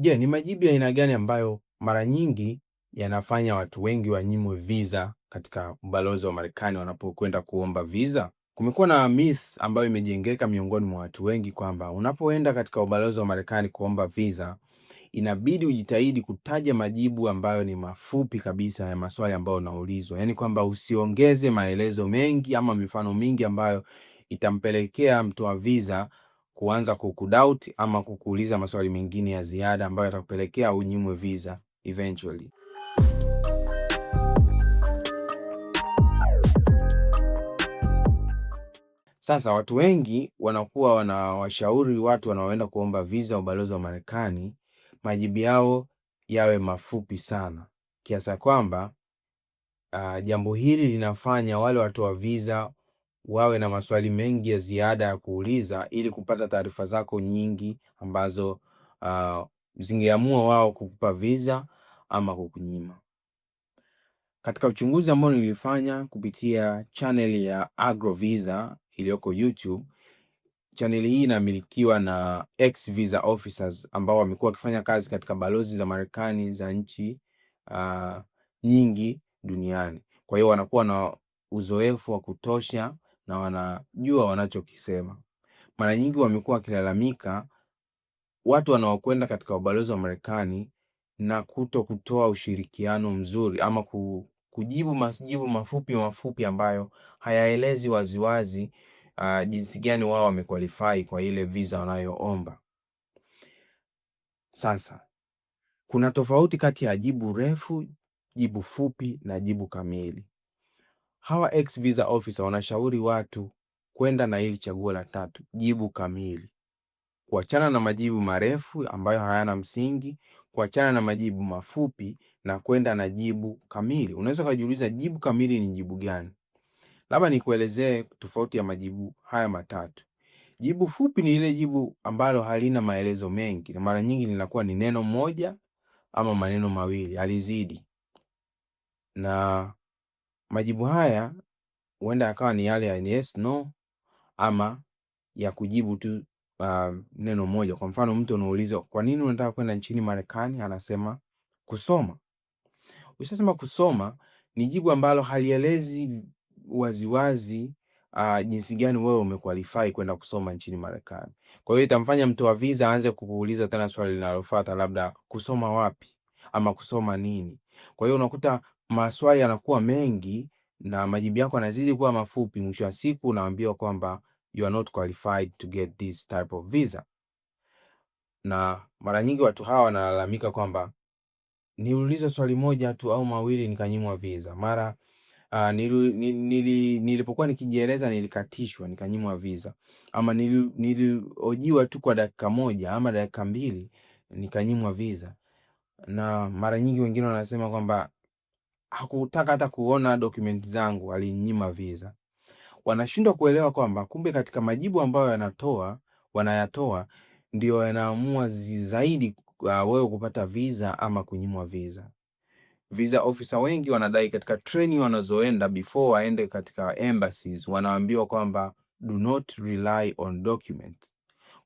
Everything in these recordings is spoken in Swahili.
Je, ni majibu ya aina gani ambayo mara nyingi yanafanya watu wengi wanyimwe visa katika ubalozi wa Marekani wanapokwenda kuomba visa? Kumekuwa na myth ambayo imejengeka miongoni mwa watu wengi kwamba unapoenda katika ubalozi wa Marekani kuomba visa, inabidi ujitahidi kutaja majibu ambayo ni mafupi kabisa ya maswali ambayo unaulizwa, yaani kwamba usiongeze maelezo mengi ama mifano mingi ambayo itampelekea mtoa visa kuanza kukudoubt ama kukuuliza maswali mengine ya ziada ambayo yatakupelekea unyimwe visa eventually. Sasa watu wengi wanakuwa wanawashauri watu wanaoenda kuomba visa ubalozi wa Marekani, majibu yao yawe mafupi sana kiasi kwamba uh, jambo hili linafanya wale watoa visa wawe na maswali mengi ya ziada ya kuuliza ili kupata taarifa zako nyingi ambazo uh, zingeamua wao kukupa visa ama kukunyima. Katika uchunguzi ambao nilifanya kupitia chanel ya AgroVisa iliyoko YouTube, chanel hii inamilikiwa na ex visa officers ambao wamekuwa wakifanya kazi katika balozi za Marekani za nchi uh, nyingi duniani. Kwa hiyo wanakuwa na uzoefu wa kutosha na wanajua wanachokisema. Mara nyingi wamekuwa wakilalamika watu wanaokwenda katika ubalozi wa Marekani na kuto kutoa ushirikiano mzuri ama ku, kujibu majibu mafupi mafupi ambayo hayaelezi waziwazi uh, jinsi gani wao wamekwalifai kwa ile visa wanayoomba. Sasa kuna tofauti kati ya jibu refu, jibu fupi na jibu kamili. Hawa ex visa officer wanashauri watu kwenda na hili chaguo la tatu, jibu kamili, kuachana na majibu marefu ambayo hayana msingi, kuachana na majibu mafupi na kwenda na jibu kamili. Unaweza ukajiuliza jibu kamili ni jibu gani? Labda nikuelezee tofauti ya majibu haya matatu. Jibu fupi ni ile jibu ambalo halina maelezo mengi na mara nyingi linakuwa ni neno moja ama maneno mawili alizidi, na Majibu haya huenda yakawa ni yale ya yes, no ama ya kujibu tu uh, neno moja. Kwa mfano mtu anaulizwa kwa nini unataka kwenda nchini Marekani, anasema kusoma. Ushasema kusoma ni jibu ambalo halielezi waziwazi uh, jinsi gani wewe umequalify kwenda kusoma nchini Marekani. Kwa hiyo itamfanya mtoa visa aanze kukuuliza tena swali linalofuata, labda kusoma wapi ama kusoma nini. Kwa hiyo unakuta maswali yanakuwa mengi na majibu yako yanazidi kuwa mafupi, mwisho wa siku unaambiwa kwamba you are not qualified to get this type of visa. Na mara nyingi watu hawa wanalalamika kwamba niulize swali moja tu au mawili nikanyimwa visa. Mara uh, ah, nili, nili, nilipokuwa nikijieleza nilikatishwa nikanyimwa visa, ama nilihojiwa tu kwa dakika moja ama dakika mbili nikanyimwa visa. Na mara nyingi wengine wanasema kwamba hakutaka hata kuona dokumenti zangu, alinyima visa. Wanashindwa kuelewa kwamba kumbe katika majibu ambayo yanatoa wanayatoa ndio yanaamua zaidi ah, wewe kupata visa ama kunyimwa visa. Visa officer wengi wanadai katika training wanazoenda before waende katika embassies, wanaambiwa kwamba do not rely on document.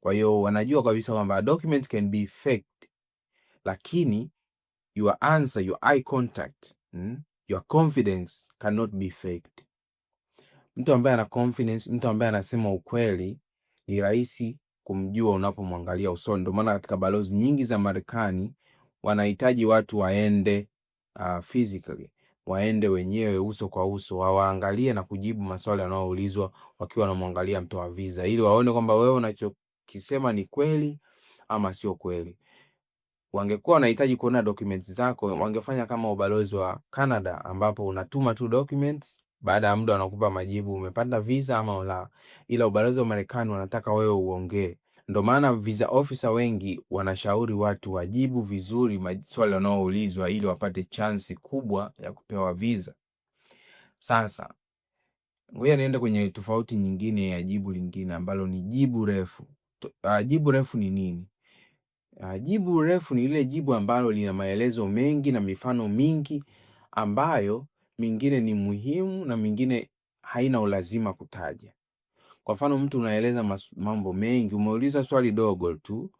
Kwa hiyo wanajua kabisa kwamba document can be faked, lakini your answer, your eye contact mm? Your confidence cannot be faked. Mtu ambaye ana confidence, mtu ambaye anasema ukweli ni rahisi kumjua unapomwangalia usoni. Ndio maana katika balozi nyingi za Marekani wanahitaji watu waende uh, physically waende wenyewe uso kwa uso, wawaangalie na kujibu maswali yanayoulizwa wakiwa wanamwangalia mtoa visa, ili waone kwamba wewe unachokisema ni kweli ama sio kweli wangekuwa wanahitaji kuona documents zako, mm. wangefanya kama ubalozi wa Canada, ambapo unatuma tu documents, baada ya muda wanakupa majibu umepata visa ama la. Ila ubalozi wa Marekani wanataka wewe uongee. Ndo maana visa officer wengi wanashauri watu wajibu vizuri maswali wanaoulizwa ili wapate chansi kubwa ya kupewa visa. Sasa ngoja niende kwenye tofauti nyingine ya jibu lingine ambalo ni jibu refu. Uh, jibu refu ni nini? Uh, jibu refu ni lile jibu ambalo lina maelezo mengi na mifano mingi ambayo mingine ni muhimu na mingine haina ulazima kutaja. Kwa mfano, mtu unaeleza mambo mengi, umeuliza swali dogo tu,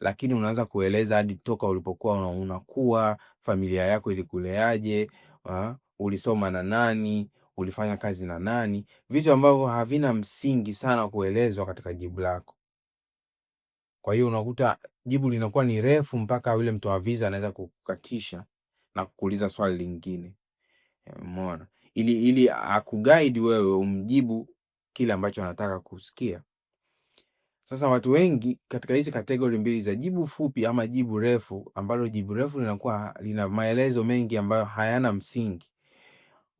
lakini unaanza kueleza hadi toka ulipokuwa unakuwa, familia yako ilikuleaje, uh, ulisoma na nani, ulifanya kazi na nani, vitu ambavyo havina msingi sana kuelezwa katika jibu lako. Kwa hiyo unakuta jibu linakuwa ni refu mpaka yule mtoa visa anaweza kukatisha na kukuuliza swali lingine. Umeona? Ili ili akuguide wewe umjibu kile ambacho anataka kusikia. Sasa watu wengi katika hizi kategori mbili za jibu fupi ama jibu refu, ambalo jibu refu linakuwa lina maelezo mengi ambayo hayana msingi.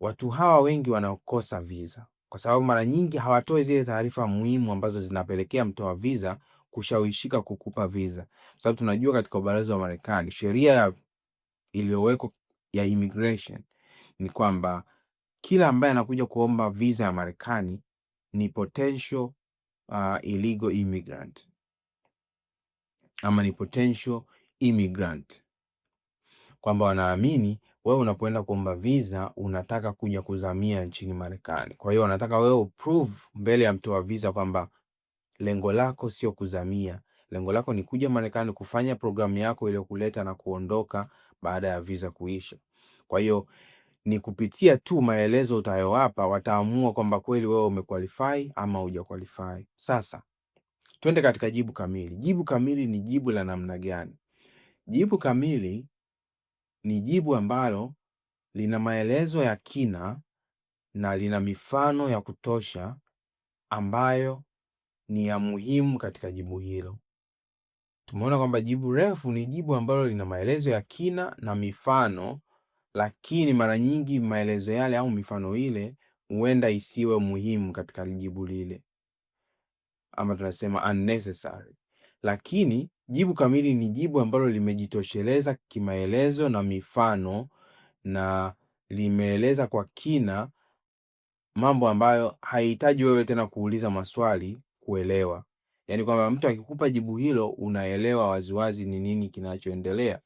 Watu hawa wengi wanakosa visa, kwa sababu mara nyingi hawatoe zile taarifa muhimu ambazo zinapelekea mtoa visa kushawishika kukupa visa, sababu tunajua katika ubalozi wa Marekani sheria iliyowekwa ya immigration ni kwamba kila ambaye anakuja kuomba visa ya Marekani ni potential uh, illegal immigrant ama ni potential immigrant, kwamba wanaamini wewe unapoenda kuomba visa unataka kuja kuzamia nchini Marekani. Kwa hiyo wanataka wewe prove mbele ya mtoa visa kwamba lengo lako sio kuzamia. Lengo lako ni kuja Marekani kufanya programu yako iliyokuleta na kuondoka baada ya visa kuisha. Kwa hiyo ni kupitia tu maelezo utayowapa wataamua kwamba kweli wewe umekwalifai ama hujaqualify. Sasa twende katika jibu kamili. Jibu kamili ni jibu la namna gani? Jibu kamili ni jibu ambalo lina maelezo ya kina na lina mifano ya kutosha ambayo ni ya muhimu katika jibu hilo. Tumeona kwamba jibu refu ni jibu ambalo lina maelezo ya kina na mifano, lakini mara nyingi maelezo yale au mifano ile huenda isiwe muhimu katika jibu lile, ama tunasema unnecessary. Lakini jibu kamili ni jibu ambalo limejitosheleza kimaelezo na mifano na limeeleza kwa kina mambo ambayo haihitaji wewe tena kuuliza maswali kuelewa, yaani kwamba mtu akikupa jibu hilo unaelewa waziwazi ni nini kinachoendelea.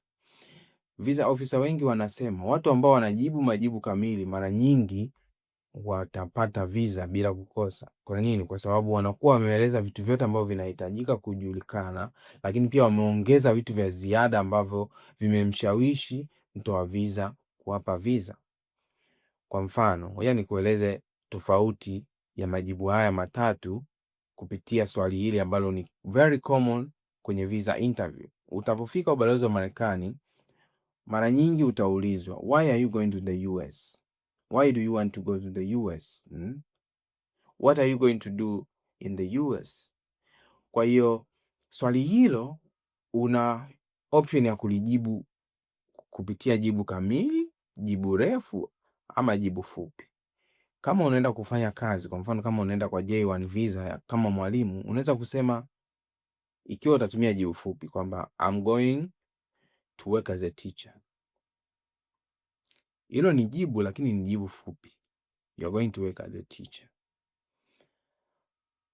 Visa ofisa wengi wanasema watu ambao wanajibu majibu kamili mara nyingi watapata visa bila kukosa. Kwa nini? Kwa sababu wanakuwa wameeleza vitu vyote ambavyo vinahitajika kujulikana, lakini pia wameongeza vitu vya ziada ambavyo vimemshawishi mtoa visa kuwapa visa. Kwa mfano, ngoja nikueleze tofauti ya majibu haya matatu kupitia swali hili ambalo ni very common kwenye visa interview. Utapofika ubalozi wa Marekani, mara nyingi utaulizwa why are you going to the US? Why do you want to go to the US? Hmm? What are you going to do in the US? Kwa hiyo swali hilo una option ya kulijibu kupitia jibu kamili, jibu refu ama jibu fupi. Kama unaenda kufanya kazi, kwa mfano kama unaenda kwa J-1 visa kama mwalimu, unaweza kusema ikiwa utatumia jibu fupi kwamba I'm going to work as a teacher. Hilo ni jibu lakini ni jibu fupi. You're going to work as a teacher.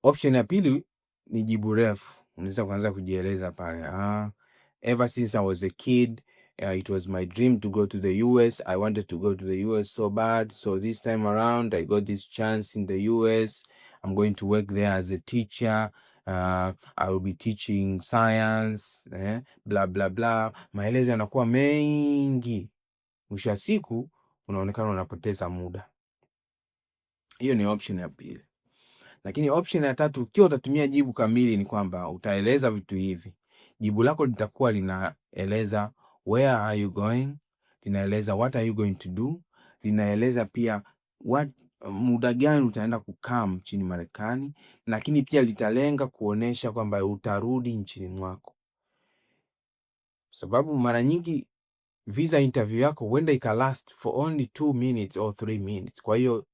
Option ya pili ni jibu refu. Unaweza kuanza kujieleza pale. Ah, ever since I was a kid Uh, it was my dream to go to the US. I wanted to go to the US so bad. So this time around, I got this chance in the US. I'm going to work there as a teacher. Uh, I will be teaching science eh, blah, blah, blah. Maelezo yanakuwa mengi, mwisho wa siku unaonekana unapoteza muda. Hiyo ni option ya pili, lakini option ya tatu, ukiwa utatumia jibu kamili, ni kwamba utaeleza vitu hivi, jibu lako litakuwa linaeleza where are you going, linaeleza what are you going to do, linaeleza pia what muda gani utaenda kukaa nchini Marekani, lakini pia litalenga kuonesha kwamba utarudi nchini mwako, sababu mara nyingi visa interview yako huenda ika last for only 2 minutes or 3 minutes. Kwa hiyo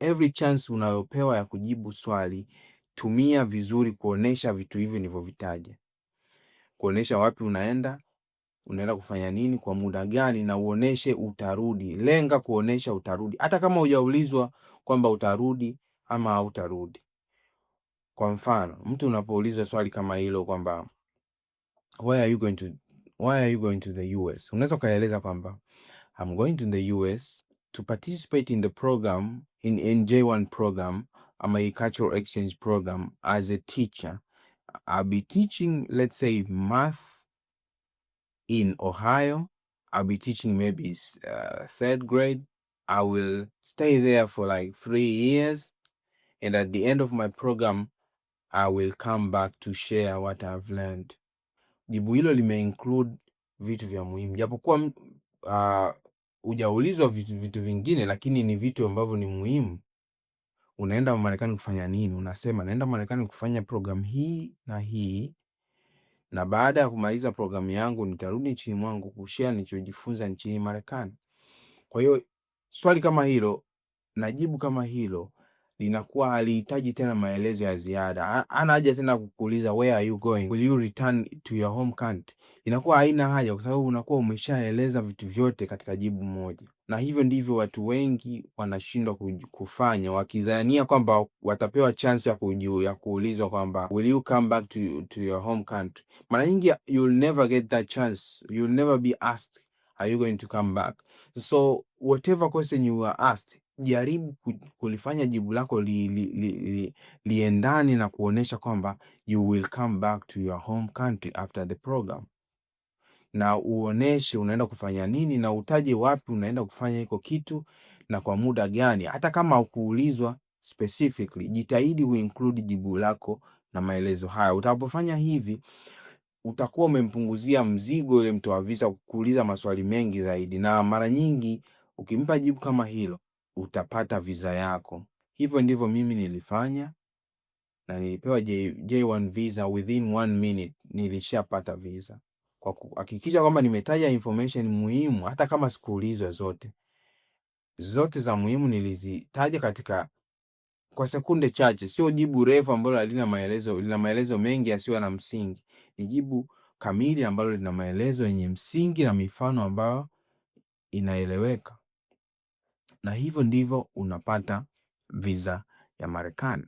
every chance unayopewa ya kujibu swali tumia vizuri, kuonesha vitu hivi nilivyovitaja, kuonesha wapi unaenda, unaenda kufanya nini kwa muda gani, na uoneshe utarudi. Lenga kuonesha utarudi, hata kama hujaulizwa kwamba utarudi ama hautarudi. Kwa mfano, mtu unapoulizwa swali kama hilo kwamba why are you going to why are you going to the US, unaweza ukaeleza kwamba I'm going to the US to participate in the program in, in J1 program ama a cultural exchange program as a teacher I'll be teaching let's say math in Ohio. I'll be teaching maybe uh, third grade. I will stay there for like three years. And at the end of my program, I will come back to share what I've learned. Jibu hilo limeinclude vitu vya muhimu, japokuwa uh, hujaulizwa uh, vitu, vitu vingine, lakini ni vitu ambavyo ni muhimu. Unaenda Marekani kufanya nini? Unasema naenda Marekani kufanya programu hii na hii na baada ya kumaliza programu yangu nitarudi nchini mwangu kushea nilichojifunza nchini Marekani. Kwa hiyo swali kama hilo na jibu kama hilo linakuwa halihitaji tena maelezo ya ziada. Ana haja tena kukuuliza where are you going, will you return to your home country? Inakuwa haina haja, kwa sababu unakuwa umeshaeleza vitu vyote katika jibu moja, na hivyo ndivyo watu wengi wanashindwa kufanya, wakidhania kwamba watapewa chance ya kujuu ya kuulizwa kwamba will you come back to, to your home country. Mara nyingi you'll never get that chance, you'll never be asked are you going to come back. So whatever question you are asked jaribu kulifanya jibu lako liendane li, li, li, li na kuonyesha kwamba you will come back to your home country after the program, na uoneshe unaenda kufanya nini na utaje wapi unaenda kufanya hiko kitu na kwa muda gani. Hata kama ukuulizwa specifically, jitahidi uinclude jibu lako na maelezo haya. Utakapofanya hivi utakuwa umempunguzia mzigo ile mtoa visa kukuuliza maswali mengi zaidi, na mara nyingi ukimpa jibu kama hilo utapata visa yako. Hivyo ndivyo mimi nilifanya na nilipewa J, J1 visa within one minute, nilishapata visa kwa kuhakikisha kwamba nimetaja information muhimu, hata kama sikuulizwa zote zote za muhimu nilizitaja katika kwa sekunde chache, sio jibu refu ambalo lina maelezo, lina maelezo mengi yasiyo na msingi. Ni jibu kamili ambalo lina maelezo yenye msingi na mifano ambayo inaeleweka na hivyo ndivyo unapata visa ya Marekani.